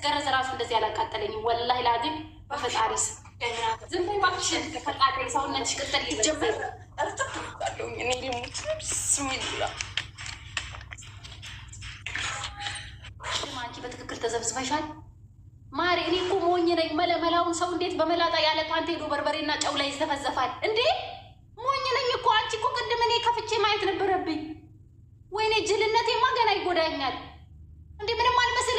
ስገረዝ ራሱ እንደዚህ አላቃጠለኝም። ወላ ላዚም በፈጣሪ ስም ዝም ባክሽን ፈቃደ ሰውነትሽ ይጀምር አንቺ በትክክል ተዘብዝበሻል ማሪ። እኔ እኮ ሞኝ ነኝ። መለመላውን ሰው እንዴት በመላጣ ያለ ፓንቴ ሄዶ በርበሬና ጨው ላይ ይዘፈዘፋል እንዴ? ሞኝ ነኝ እኮ አንቺ እኮ ቅድም እኔ ከፍቼ ማየት ነበረብኝ። ወይኔ ጅልነቴማ ገና ይጎዳኛል እንዴ! ምንም አልመስል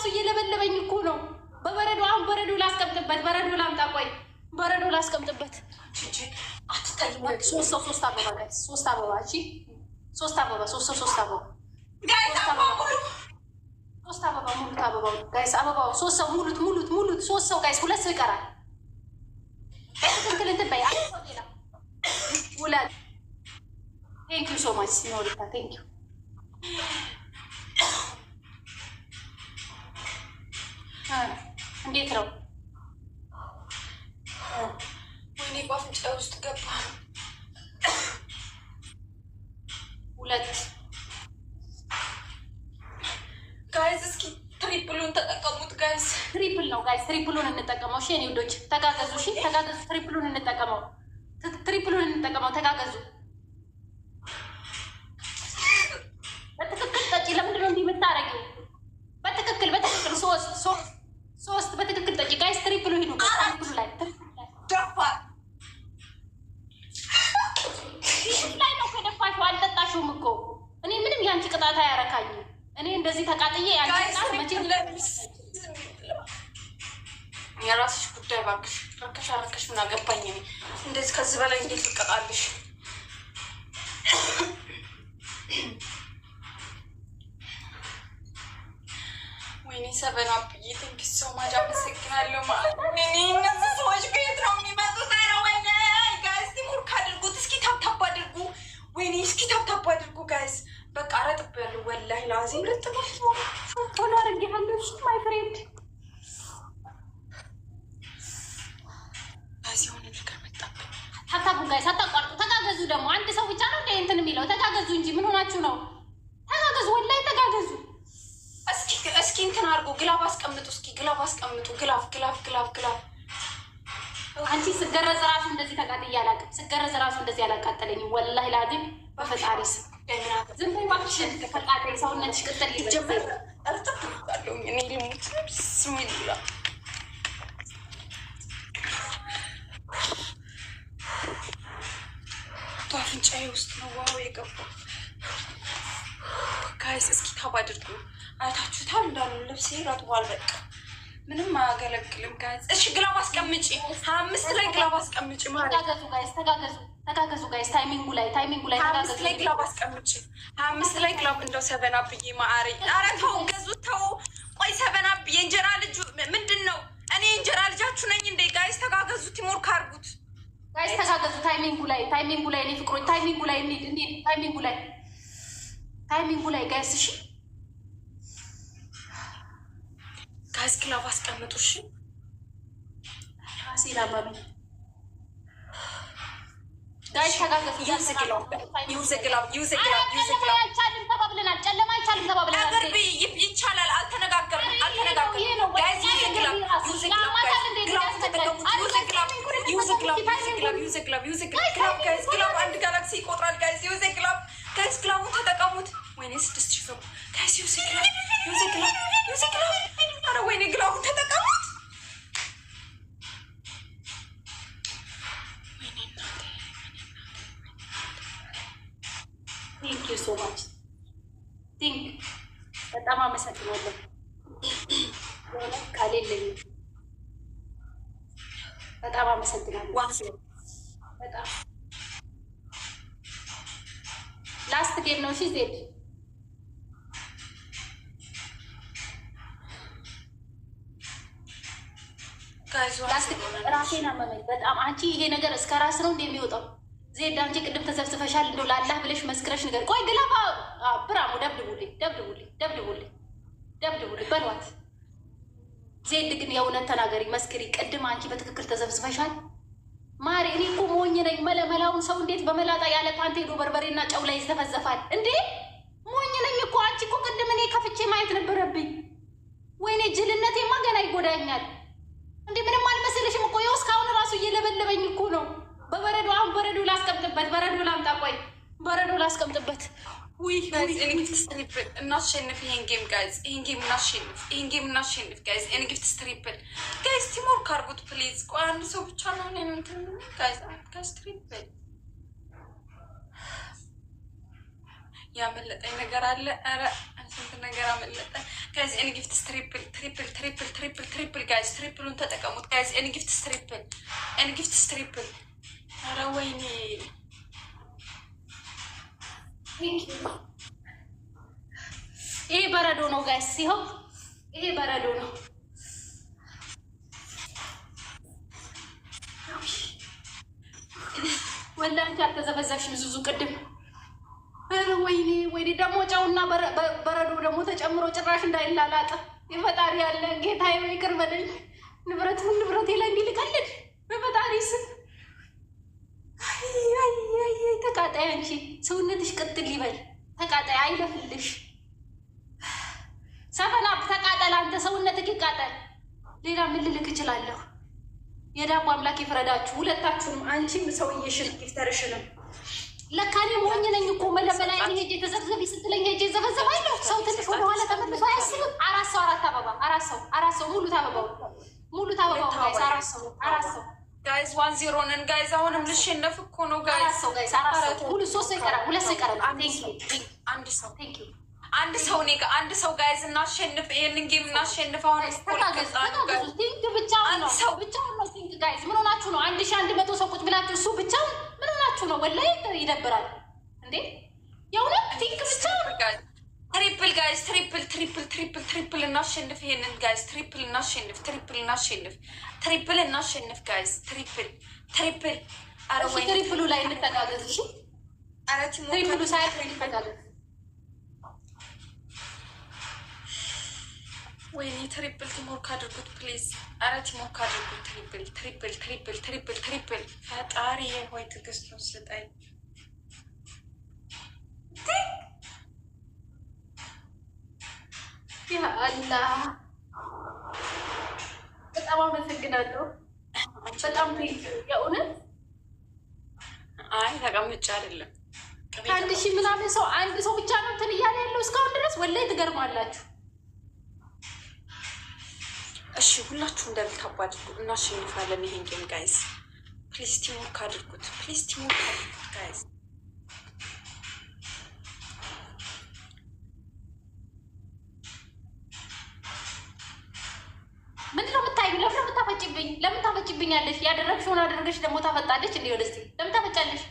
ራሱ እየለበለበኝ እኮ ነው። በበረዶ አሁን በረዶ ላስቀምጥበት፣ በረዶ ላምጣ፣ ቆይ በረዶ ላስቀምጥበት። ሶስት አበባ ሶስት ሶስት አበባ ሶስት አበባ አበባ ጋይስ፣ አበባው ሶስት ሰው ሙሉት፣ ሙሉት፣ ሙሉት፣ ሶስት ሰው ጋይስ፣ ሁለት ሰው ይቀራል። እንትን በይ። አንድ ሰው ሌላ ሶ ማች ሲኖሪታ እንዴት ነው? ወይኔ በአፍንጫ ውስጥ ገባ። ሁለት ጋይዝ፣ እስኪ ትሪፕሉን ተጠቀሙት ጋይዝ። ትሪፕል ነው ጋይዝ፣ ትሪፕሉን እንጠቀመው። እሺ የኔ ውዶች ተጋገዙ። እሺ ተጋገዙ። ትሪፕሉን እንጠቀመው። ትሪፕሉን እንጠቀመው። ተጋገዙ የራስሽ ጉዳይ እባክሽ። ረከሽ አረከሽ ምን አገባኝ እኔ። እንደዚህ ከዚህ በላይ እንዴት ልቀጣልሽ? ወይኔ ሰበና ብዬ ቴንኪ ሰው ማጅ አመሰግናለሁ። እነዚህ ሰዎች ቤት ነው የሚመጡት። ወይኔ ጋይስ ሙር ካድርጉት እስኪ ታብታብ አድርጉ። ወይኔ እስኪ ታብታብ አድርጉ ጋይስ። በቃ ረጥብ ያሉ ወላሂ ላዚ ረጥብ ተጋገዙ እንጂ ምን ሆናችሁ ነው? ተጋገዙ፣ ወላይ ተጋገዙ። እስኪ እስኪ እንትን አድርጉ፣ ግላፍ አስቀምጡ። እስኪ ግላፍ አስቀምጡ። ግላፍ ግላፍ ግላፍ ግላፍ። አንቺ ስገረዝ ራሱ እንደዚህ ተቃጥዬ አላውቅም። ስገረዝ ራሱ እንደዚህ አላቃጠለኝም። ወላይ ላዚም በፈጣሪ ስም ዝም በይ እባክሽ። ተቃጠይ ሰውነትሽ ቅጥል ይጀምር። እርጥብ ባለውኝ እኔ ልሙት ስሚል ብላ ምርጫዬ ውስጥ ነው ዋው የገባው። ጋይስ እስኪ ታብ አድርጉ። አይታችሁታል እንዳሉ ልብስ ረጥቧል። በቃ ምንም አያገለግልም ጋይስ። እሺ ግላብ አስቀምጪ፣ ሀያ አምስት ላይ ግላብ አስቀምጪ ማለት ተጋገዙ ጋይስ። ታይሚንጉ ላይ ታይሚንጉ ላይ አምስት ላይ ግላብ አስቀምጪ፣ ሀያ አምስት ላይ ግላብ። እንደው ሰበና ብዬ ማአሪ። አረ ተው ገዙ፣ ተው ቆይ። ሰበና ብዬ እንጀራ ልጁ ምንድን ነው? እኔ እንጀራ ልጃችሁ ነኝ እንዴ ጋይስ? ተጋገዙ፣ ቲሞር ካርጉት ጋይስ ተጋገዙ። ታይሚንጉ ላይ ታይሚንጉ ላይ እኔ ፍቅሮች ታይሚንጉ ላይ እንሂድ እንሂድ ታይሚንጉ ላይ ታይሚንጉ ላይ ጋይስ እሺ፣ ጋይስ ክላብ አስቀምጡ እሺ። ራሴ ላማሉ ጋይስ ተጋገዙ። ዩዝ ግላብ ዩዝ ግላብ ጨለማ አይቻልም ተባብለናል። ጨለማ አይቻልም ተባብለናል። የለኝም። በጣም አመሰግናለሁ። በጣም ላስት ጌም ነው። እሺ ዜድ ራሴን አመመኝ በጣም። አንቺ ይሄ ነገር እስከ ራስ ነው እንደሚወጣው ዜድ አንቺ ቅድም ተዘብዝፈሻል። እንደው ላላህ ብለሽ መስክረሽ ነገር ቆይ ብራሙ ደብድቡልኝ፣ ደብድቡልኝ፣ ደብድቡልኝ፣ ደብድቡልኝ በሏት ዜድ ግን የእውነት ተናገሪ መስክሪ። ቅድም አንቺ በትክክል ተዘብዝበሻል ማሪ። እኔ እኮ ሞኝ ነኝ። መለመላውን ሰው እንዴት በመላጣ ያለ ፓንቴዶ ሄዶ በርበሬና ጨው ላይ ይዘፈዘፋል እንዴ? ሞኝ ነኝ እኮ አንቺ እኮ ቅድም እኔ ከፍቼ ማየት ነበረብኝ። ወይኔ ጅልነቴማ ገና ይጎዳኛል። እንዴ ምንም አልመስልሽም እኮ ይኸው እስካሁን ራሱ እየለበለበኝ እኮ ነው። በበረዶ አሁን በረዶ ላስቀምጥበት፣ በረዶ ላምጣ፣ ቆይ በረዶ ላስቀምጥበት እናሸንፍ። ይሄን ጌም ጋይዝ፣ ይሄን ጌም እናሸንፍ። ይሄን ጌም እናሸንፍ ጋይዝ። ስትሪፕል ጋይዝ፣ ቲሞር ካርጉት ፕሊዝ። ቆይ አንድ ሰው ብቻ ነው እንትን ጋይዝ፣ ያመለጠኝ ነገር አለ። ኧረ ስንት ነገር አመለጠ ጋይዝ። ስትሪፕል ትሪፕል ትሪፕል ትሪፕል ትሪፕል ጋይዝ፣ ትሪፕሉን ተጠቀሙት ጋይዝ። ኤንጊፍት ስትሪፕል ኤንጊፍት ስትሪፕል ኧረ ወይኔ ይሄ በረዶ ነው ጋይስ፣ ሲሆን ይሄ በረዶ ነው። ወላሂ አልተዘበዛሽም ዙዙ ቅድም። ወይኔ ወይኔ፣ ደግሞ ጨውና በረዶ ደግሞ ተጨምሮ ጭራሽ እንዳይላላጥ የፈጣሪ ያለ ጌታ ይቅር በለኝ። ንብረቱን ንብረቴ ላይ እንዲልቀልድ በፈጣሪ ስም ተቃጣይ አንቺ ሰውነትሽ ቅጥል ይበል። ተቃጣይ አይለፍልሽ። ሰፈና ተቃጠል፣ አንተ ሰውነትህ ይቃጠል። ሌላ ምን ልልክ እችላለሁ? የዳቦ አምላክ ይፍረዳችሁ ሁለታችሁም፣ አንቺም ሰውዬሽን ይፍተርሽንም። ለካ እኔ ሞኝ ነኝ እኮ መለመና ሄጄ ተዘብዘቢ ስትለኝ ሄጄ ዘበዘባለሁ። ሰው ትንሽ ወደኋላ ተመልሶ አያስብም። አራት ሰው አራት አበባ አራት ሰው አራት ሰው ሙሉት አበባው ሙሉት አበባው አራት ሰው አራት ሰው ጋይዝ ዋን ዜሮ ነን ጋይዝ። አሁንም ልሸነፍ እኮ ነው ጋይዝ። አንድ ሰው አንድ ሰው እኔ ጋር አንድ ሰው ጋይዝ፣ እናሸንፍ ይህንን ጌም እናሸንፍ። አሁን ሰው ብቻ ነው ጋይዝ፣ ምን ሆናችሁ ነው? አንድ ሺ አንድ መቶ ሰው ቁጭ ብላችሁ እሱ ብቻ ምን ሆናችሁ ነው? ወላሂ ይደብራል እንዴ የእውነት ቲንክ ትሪፕል ትሪፕል ትሪፕል ትሪፕል እናሸንፍ። ይሄንን ጋይስ ትሪፕል እናሸንፍ። ትሪፕል እናሸንፍ። ትሪፕል እናሸንፍ ጋይስ ትሪፕል ትሪፕል። ኧረ ወይ ትሪፕሉ ላይ እንተጋገዝ። እሺ ኧረ ትሪፕሉ ሳይ እንተጋገዝ። ወይኔ ትሪፕል ቲሞርክ አድርጉት ፕሊዝ። ኧረ ቲሞርክ አድርጉት። ትሪፕል ትሪፕል ትሪፕል ትሪፕል ትሪፕል። ፈጣሪ ሆይ ትዕግስቱን ስጠኝ። ያ አላህ በጣም አመሰግናለሁ። በጣም የእውነት አይ ተቀምጬ አይደለም ከአንድ ሺህ ምናምን ሰው አንድ ሰው ብቻ ነው እንትን እያለ ያለው እስካሁን ድረስ ትገርማላችሁ። እሺ ሁላችሁ እናሸንፋለን። ይሄን ጌም ጋይዝ ፕሊስ ቲሞክ አድርጉት። ፕሊስ ቲሞክ አድርጉት ጋይዝ ታፈችብኝ? ለምን ታፈችብኛለሽ? ያደረግሽውን አደረገች ደግሞ ታፈጣለች እንዲ ወደስ ለምን ታፈጫለሽ?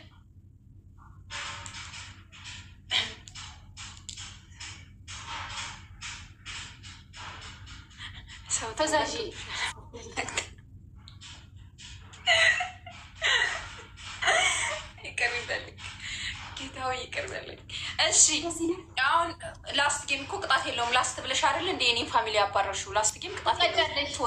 ተዛዥ እሺ አሁን ላስት ጌም እኮ ቅጣት የለውም። ላስት ብለሽ አይደል እንደ እኔ ፋሚሊ ያባረርሽው ላስት ጌም ቅጣት